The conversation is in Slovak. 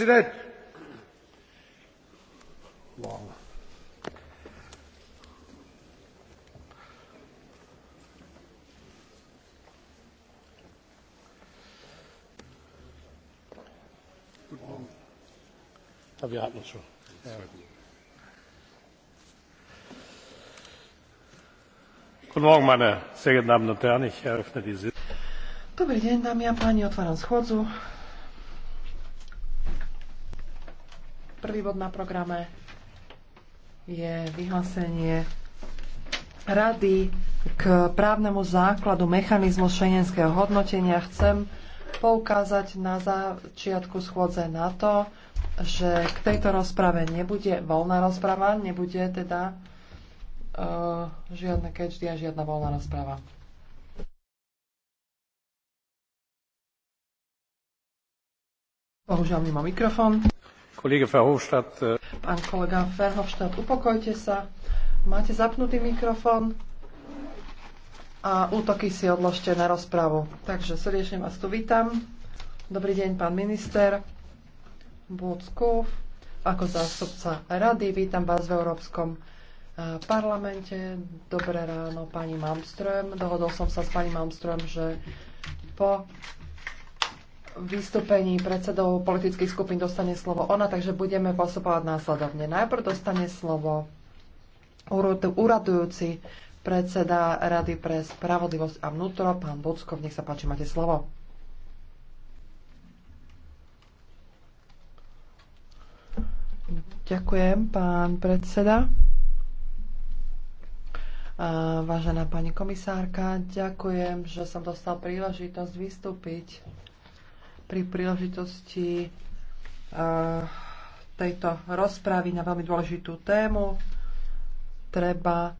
Prezident. Long. Ja, wir hatten es schon. Ja. Guten Morgen, meine sehr geehrten Damen und Herren. Ich eröffne die Sitzung. Dobrý deň, dámy a páni, otváram schôdzu. Prvý bod na programe je vyhlásenie Rady k právnemu základu mechanizmu šenenského hodnotenia. Chcem poukázať na začiatku schôdze na to, že k tejto rozprave nebude voľná rozprava, nebude teda uh, žiadne keďždy a žiadna voľná rozprava. Bohužiaľ nemá mikrofón. Eh, pán kolega Verhofstadt, upokojte sa. Máte zapnutý mikrofón a útoky si odložte na rozpravu. Takže srdečne vás tu vítam. Dobrý deň, pán minister Budskov. Ako zástupca rady vítam vás v Európskom eh, parlamente. Dobré ráno, pani Malmström. Dohodol som sa s pani Malmström, že po vystúpení predsedov politických skupín dostane slovo ona, takže budeme postupovať následovne. Najprv dostane slovo uradujúci predseda Rady pre spravodlivosť a vnútro, pán Bockov. Nech sa páči, máte slovo. Ďakujem, pán predseda. Vážená pani komisárka, ďakujem, že som dostal príležitosť vystúpiť pri príležitosti e, tejto rozprávy na veľmi dôležitú tému. Treba